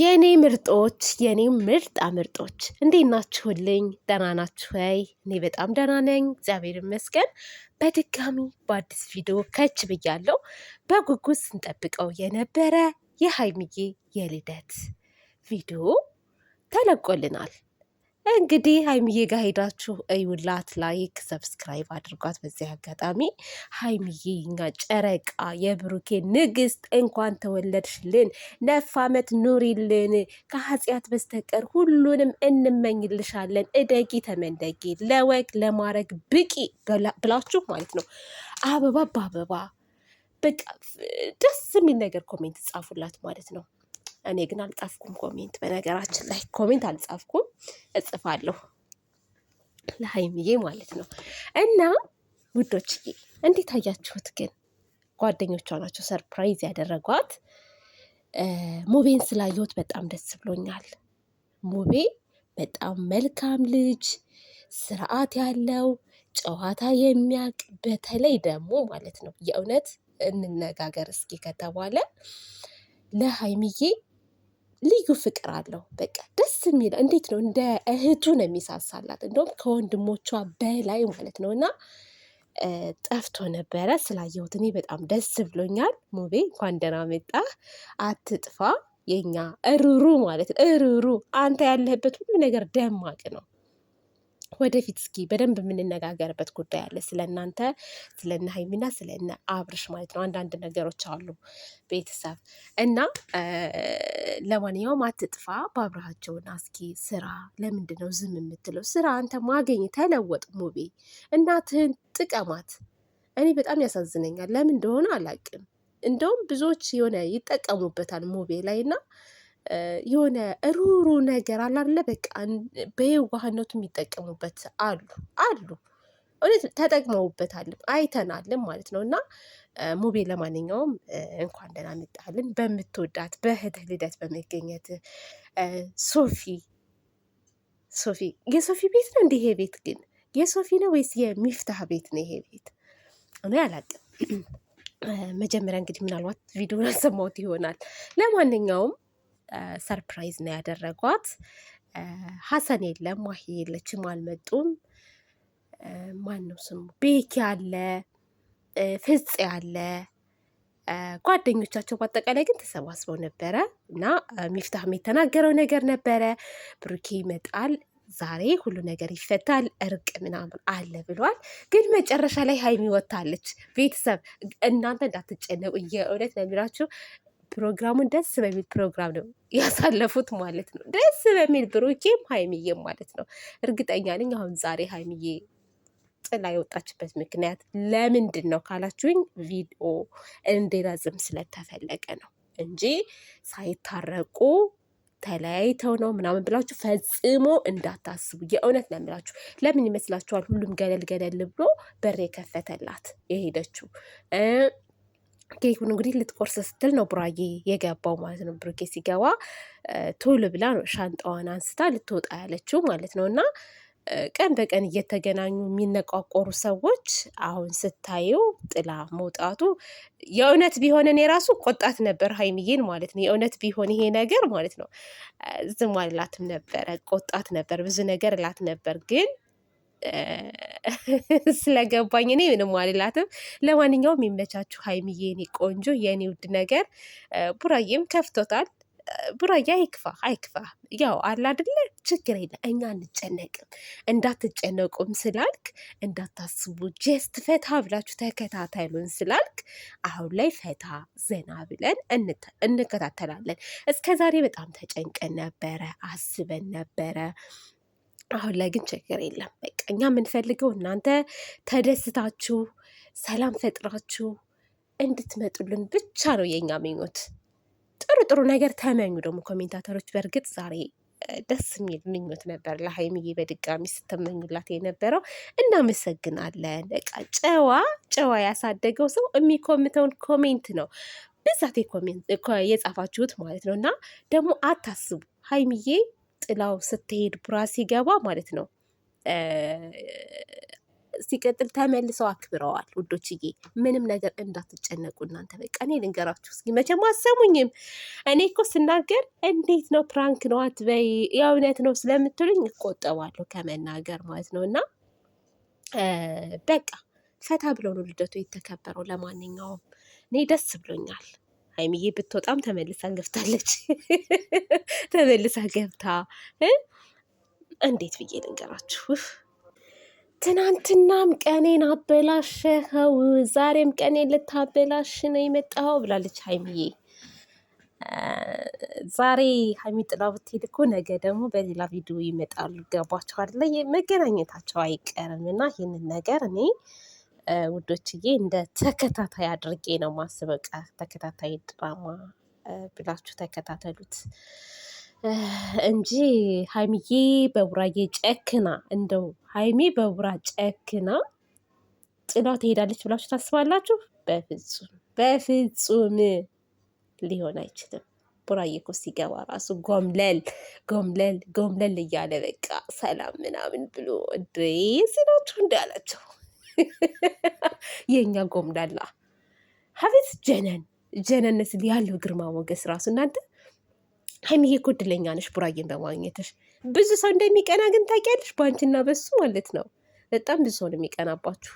የኔ ምርጦች የኔ ምርጣ ምርጦች እንዴት ናችሁልኝ? ደህና ናችሁ ወይ? እኔ በጣም ደህና ነኝ፣ እግዚአብሔር ይመስገን። በድጋሚ በአዲስ ቪዲዮ ከች ብያለሁ። በጉጉት ስንጠብቀው የነበረ የሀይሚዬ የልደት ቪዲዮ ተለቆልናል። እንግዲህ ሀይሚዬ ጋር ሄዳችሁ እዩላት፣ ላይክ ሰብስክራይብ አድርጓት። በዚህ አጋጣሚ ሀይሚዬ እኛ ጨረቃ የብሩኬ ንግስት እንኳን ተወለድሽልን፣ ነፍ ዓመት ኑሪልን፣ ከኃጢአት በስተቀር ሁሉንም እንመኝልሻለን። እደጊ ተመንደጊ፣ ለወግ ለማረግ ብቂ ብላችሁ ማለት ነው። አበባ በአበባ በቃ ደስ የሚል ነገር ኮሜንት ጻፉላት ማለት ነው። እኔ ግን አልጻፍኩም ኮሜንት። በነገራችን ላይ ኮሜንት አልጻፍኩም፣ እጽፋለሁ ለሀይምዬ ማለት ነው። እና ውዶችዬ እንዴት አያችሁት? ግን ጓደኞቿ ናቸው ሰርፕራይዝ ያደረጓት። ሙቤን ስላየሁት በጣም ደስ ብሎኛል። ሙቤ በጣም መልካም ልጅ፣ ስርዓት ያለው ጨዋታ የሚያውቅ በተለይ ደግሞ ማለት ነው የእውነት እንነጋገር እስኪ ከተባለ ለሀይምዬ ልዩ ፍቅር አለው። በቃ ደስ የሚለው እንዴት ነው እንደ እህቱ ነው የሚሳሳላት፣ እንደውም ከወንድሞቿ በላይ ማለት ነው። እና ጠፍቶ ነበረ ስላየሁት እኔ በጣም ደስ ብሎኛል። ሙቤ እንኳን ደህና መጣህ። አትጥፋ የኛ እሩሩ ማለት ነው። እሩሩ አንተ ያለህበት ሁሉ ነገር ደማቅ ነው። ወደፊት እስኪ በደንብ የምንነጋገርበት ጉዳይ አለ። ስለ እናንተ ስለ እነ ሀይሚና ስለ እነ አብርሽ ማለት ነው። አንዳንድ ነገሮች አሉ ቤተሰብ እና ለማንኛውም አትጥፋ። በአብርሃቸውን አስኪ ስራ ለምንድን ነው ዝም የምትለው? ስራ አንተ ማገኝ ተለወጥ። ሙቤ እናትህን ጥቀማት። እኔ በጣም ያሳዝነኛል። ለምን እንደሆነ አላውቅም። እንደውም ብዙዎች የሆነ ይጠቀሙበታል ሙቤ ላይ እና የሆነ ሩሩ ነገር አላለ በቃ በየዋህነቱ የሚጠቀሙበት አሉ አሉ። እውነት ተጠቅመውበታልም አይተናልም ማለት ነው። እና ሙቤ ለማንኛውም እንኳን ደህና መጣህልን በምትወዳት በእህትህ ልደት በመገኘት ሶፊ ሶፊ የሶፊ ቤት ነው እንደ ይሄ ቤት ግን የሶፊ ነው ወይስ የሚፍታህ ቤት ነው? ይሄ ቤት እኔ አላውቅም። መጀመሪያ እንግዲህ ምናልባት ቪዲዮን አሰማሁት ይሆናል። ለማንኛውም ሰርፕራይዝ ነው ያደረጓት። ሀሰን የለም፣ ማሂ የለችም፣ አልመጡም። ማን ነው ስሙ? ቤኪ አለ፣ ፍጽ አለ፣ ጓደኞቻቸው በአጠቃላይ ግን ተሰባስበው ነበረ እና ሚፍታህም የተናገረው ነገር ነበረ ብሩኬ ይመጣል ዛሬ ሁሉ ነገር ይፈታል፣ እርቅ ምናምን አለ ብሏል። ግን መጨረሻ ላይ ሀይሚ ወታለች። ቤተሰብ እናንተ እንዳትጨነቁ፣ የእውነት ነው ፕሮግራሙን ደስ በሚል ፕሮግራም ነው ያሳለፉት ማለት ነው። ደስ በሚል ብሩኬም ሀይሚዬም ማለት ነው። እርግጠኛ ነኝ አሁን ዛሬ ሀይሚዬ ጥላ የወጣችበት ምክንያት ለምንድን ነው ካላችሁኝ፣ ቪዲዮ እንዲረዝም ስለተፈለገ ነው እንጂ ሳይታረቁ ተለያይተው ነው ምናምን ብላችሁ ፈጽሞ እንዳታስቡ። የእውነት ነው የምላችሁ። ለምን ይመስላችኋል? ሁሉም ገለል ገለል ብሎ በር የከፈተላት የሄደችው ኬኩን እንግዲህ ልትቆርስ ስትል ነው ቡራዬ የገባው ማለት ነው። ብሩኬ ሲገባ ቶሎ ብላ ነው ሻንጣዋን አንስታ ልትወጣ ያለችው ማለት ነው። እና ቀን በቀን እየተገናኙ የሚነቋቆሩ ሰዎች አሁን ስታየው ጥላ መውጣቱ የእውነት ቢሆን እኔ ራሱ ቆጣት ነበር ሀይሚዬን ማለት ነው። የእውነት ቢሆን ይሄ ነገር ማለት ነው ዝም አልላትም ነበረ፣ ቆጣት ነበር፣ ብዙ ነገር እላት ነበር ግን ስለገባኝ እኔ ምንም አልላትም። ለማንኛውም የሚመቻችሁ ሀይሚዬ፣ የኔ ቆንጆ፣ የኔ ውድ ነገር። ቡራዬም ከፍቶታል። ቡራዬ አይክፋ አይክፋ፣ ያው አላ አይደለ፣ ችግር የለ፣ እኛ አንጨነቅም። እንዳትጨነቁም ስላልክ እንዳታስቡ፣ ጀስት ፈታ ብላችሁ ተከታተሉን ስላልክ አሁን ላይ ፈታ ዘና ብለን እንከታተላለን። እስከ ዛሬ በጣም ተጨንቀን ነበረ፣ አስበን ነበረ አሁን ላይ ግን ችግር የለም። በቃ እኛ የምንፈልገው እናንተ ተደስታችሁ ሰላም ፈጥራችሁ እንድትመጡልን ብቻ ነው የኛ ምኞት። ጥሩ ጥሩ ነገር ተመኙ ደግሞ ኮሜንታተሮች። በእርግጥ ዛሬ ደስ የሚል ምኞት ነበር ለሀይሚዬ በድጋሚ ስትመኙላት የነበረው። እናመሰግናለን። በቃ ጨዋ ጨዋ ያሳደገው ሰው የሚኮምተውን ኮሜንት ነው ብዛት የጻፋችሁት ማለት ነው። እና ደግሞ አታስቡ ሀይሚዬ ጥላው ስትሄድ ቡራ ሲገባ ማለት ነው። ሲቀጥል ተመልሰው አክብረዋል። ውዶችዬ ምንም ነገር እንዳትጨነቁ እናንተ በቃ እኔ ልንገራችሁ እስኪ መቼም አሰሙኝም። እኔ እኮ ስናገር እንዴት ነው ፕራንክ ነው አትበይ የእውነት ነው ስለምትሉኝ እቆጠባለሁ ከመናገር ማለት ነው። እና በቃ ፈታ ብለው ነው ልደቱ የተከበረው። ለማንኛውም እኔ ደስ ብሎኛል። ሀይሚዬ ብትወጣም ተመልሳ ገብታለች። ተመልሳ ገብታ እንዴት ብዬ ልንገራችሁ? ትናንትናም ቀኔን አበላሸኸው፣ ዛሬም ቀኔን ልታበላሽ ነው የመጣኸው ብላለች ሀይሚዬ። ዛሬ ሀይሚ ጥላ ብትሄድ እኮ ነገ ደግሞ በሌላ ቪዲዮ ይመጣሉ። ገባችሁ አይደለ? መገናኘታቸው አይቀርም እና ይህንን ነገር እኔ ውዶችዬ እንደ ተከታታይ አድርጌ ነው ማስበቃ ተከታታይ ድራማ ብላችሁ ተከታተሉት እንጂ ሀይሚዬ በቡራዬ ጨክና እንደው ሀይሜ በቡራ ጨክና ጥላው ትሄዳለች ብላችሁ ታስባላችሁ? በፍጹም በፍጹም ሊሆን አይችልም። ቡራዬ እኮ ሲገባ ራሱ ጎምለል ጎምለል ጎምለል እያለ በቃ ሰላም ምናምን ብሎ ድሬ ሲናችሁ እንዳላቸው የእኛ ጎምዳላ ሀቤት ጀነን ጀነነት ያለው ግርማ ሞገስ ራሱ እናንተ ሀይሚዬ እኮ እድለኛ ነሽ ቡራዬን በማግኘትሽ። ብዙ ሰው እንደሚቀና ግን ታውቂያለሽ፣ በአንቺና በሱ ማለት ነው። በጣም ብዙ ሰው የሚቀናባችሁ።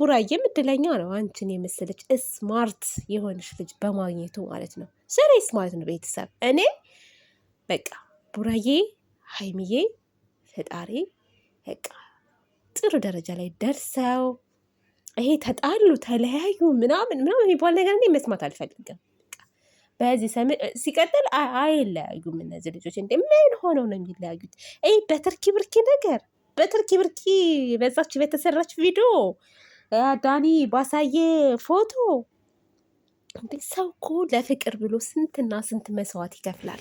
ቡራዬም እድለኛ ነው አንቺን የመሰለች ስማርት የሆነች ልጅ በማግኘቱ ማለት ነው። ሰሬስ ማለት ነው ቤተሰብ እኔ በቃ ቡራዬ ሀይሚዬ ፈጣሪ በቃ ጥሩ ደረጃ ላይ ደርሰው ይሄ ተጣሉ ተለያዩ ምናምን ምናምን የሚባል ነገር እኔ መስማት አልፈልግም። በዚህ ሰምን ሲቀጥል አይለያዩም እነዚህ ልጆች። እንዴ ምን ሆነው ነው የሚለያዩት? ይሄ በትርኪ ብርኪ ነገር በትርኪ ብርኪ በዛች በተሰራች ቪዲዮ ዳኒ ባሳየ ፎቶ ሰው እኮ ለፍቅር ብሎ ስንትና ስንት መስዋዕት ይከፍላል።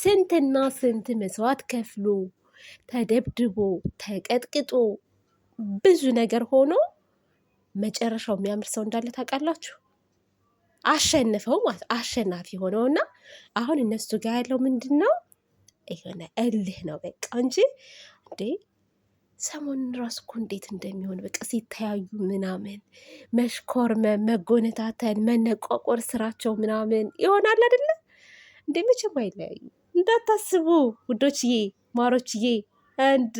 ስንትና ስንት መስዋዕት ከፍሎ ተደብድቦ ተቀጥቅጦ ብዙ ነገር ሆኖ መጨረሻው የሚያምር ሰው እንዳለ ታውቃላችሁ። አሸንፈው ማለት አሸናፊ ሆነውና አሁን እነሱ ጋር ያለው ምንድን ነው? የሆነ እልህ ነው በቃ እንጂ እንዴ ሰሞኑን ራሱ እኮ እንዴት እንደሚሆን በቃ ሲተያዩ ምናምን መሽኮርመም፣ መጎነታተን፣ መነቋቆር ስራቸው ምናምን ይሆናል አይደለ? እንዴ መቼም አይለያዩ እንዳታስቡ ውዶችዬ። ማሮችዬ እንዴ!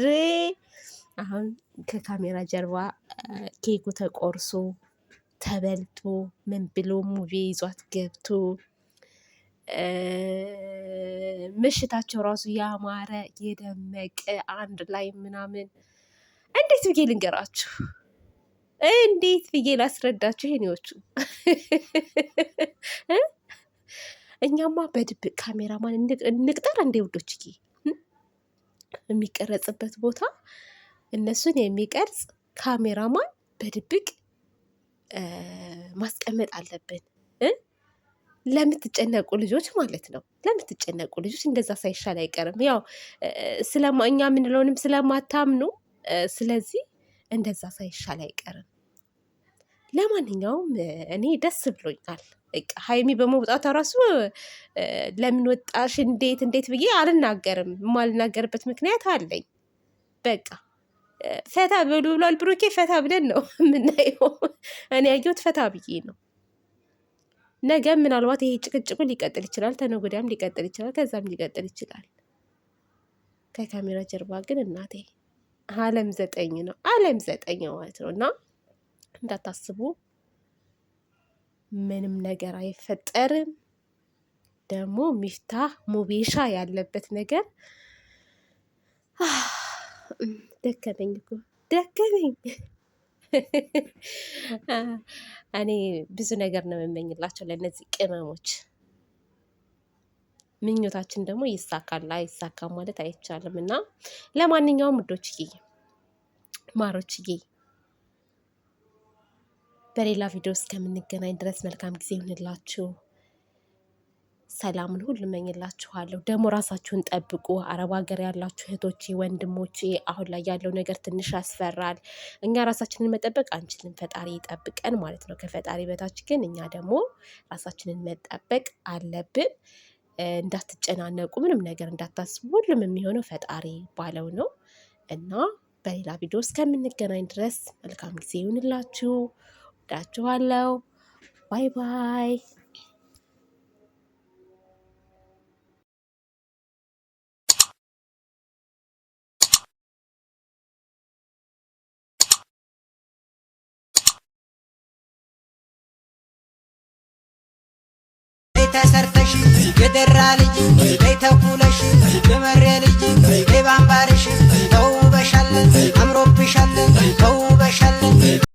አሁን ከካሜራ ጀርባ ኬኩ ተቆርሶ ተበልቶ ምን ብሎ ሙቪ ይዟት ገብቶ ምሽታቸው ራሱ ያማረ የደመቀ አንድ ላይ ምናምን እንዴት ብዬ ልንገራችሁ? እንዴት ብዬ ላስረዳችሁ? ይሄኔዎቹ እኛማ በድብቅ ካሜራማን እንቅጠር እንዴ ውዶችዬ የሚቀረጽበት ቦታ እነሱን የሚቀርጽ ካሜራማን በድብቅ ማስቀመጥ አለብን። ለምትጨነቁ ልጆች ማለት ነው። ለምትጨነቁ ልጆች እንደዛ ሳይሻል አይቀርም። ያው ስለማ እኛ የምንለውንም ስለማታምኑ ስለዚህ እንደዛ ሳይሻል አይቀርም። ለማንኛውም እኔ ደስ ብሎኛል። ሀይሚ በመውጣቷ ራሱ ለምን ወጣሽ እንዴት እንዴት ብዬ አልናገርም። የማልናገርበት ምክንያት አለኝ። በቃ ፈታ ብሎ ብሏል ብሩኬ። ፈታ ብለን ነው የምናየው። እኔ ያየሁት ፈታ ብዬ ነው። ነገ ምናልባት ይሄ ጭቅጭቁ ሊቀጥል ይችላል። ተነጎዳም ሊቀጥል ይችላል። ከዛም ሊቀጥል ይችላል። ከካሜራ ጀርባ ግን እናቴ አለም ዘጠኝ ነው። አለም ዘጠኝ ማለት ነው እና እንዳታስቡ፣ ምንም ነገር አይፈጠርም። ደግሞ ሚፍታህ ሙቤሻ ያለበት ነገር ደከመኝ እኮ ደከመኝ። እኔ ብዙ ነገር ነው የምመኝላቸው ለእነዚህ ቅመሞች። ምኞታችን ደግሞ ይሳካል አይሳካም ማለት አይቻልም። እና ለማንኛውም እዶችዬ ማሮችዬ በሌላ ቪዲዮ እስከምንገናኝ ድረስ መልካም ጊዜ ይሁንላችሁ። ሰላምን ሁሉ እመኝላችኋለሁ። ደግሞ ራሳችሁን ጠብቁ። አረብ ሀገር ያላችሁ እህቶቼ፣ ወንድሞቼ አሁን ላይ ያለው ነገር ትንሽ ያስፈራል። እኛ ራሳችንን መጠበቅ አንችልም፣ ፈጣሪ ይጠብቀን ማለት ነው። ከፈጣሪ በታች ግን እኛ ደግሞ ራሳችንን መጠበቅ አለብን። እንዳትጨናነቁ፣ ምንም ነገር እንዳታስቡ። ሁሉም የሚሆነው ፈጣሪ ባለው ነው እና በሌላ ቪዲዮ እስከምንገናኝ ድረስ መልካም ጊዜ ይሁንላችሁ። እወዳችኋለሁ። ባይ ባይ ተሰርተሽ የደራ ልጅ በይ ተኩለሽ የመሬ ልጅ በይ ባምባርሽ ተውበሻለን አምሮብሻለን ተውበሻለን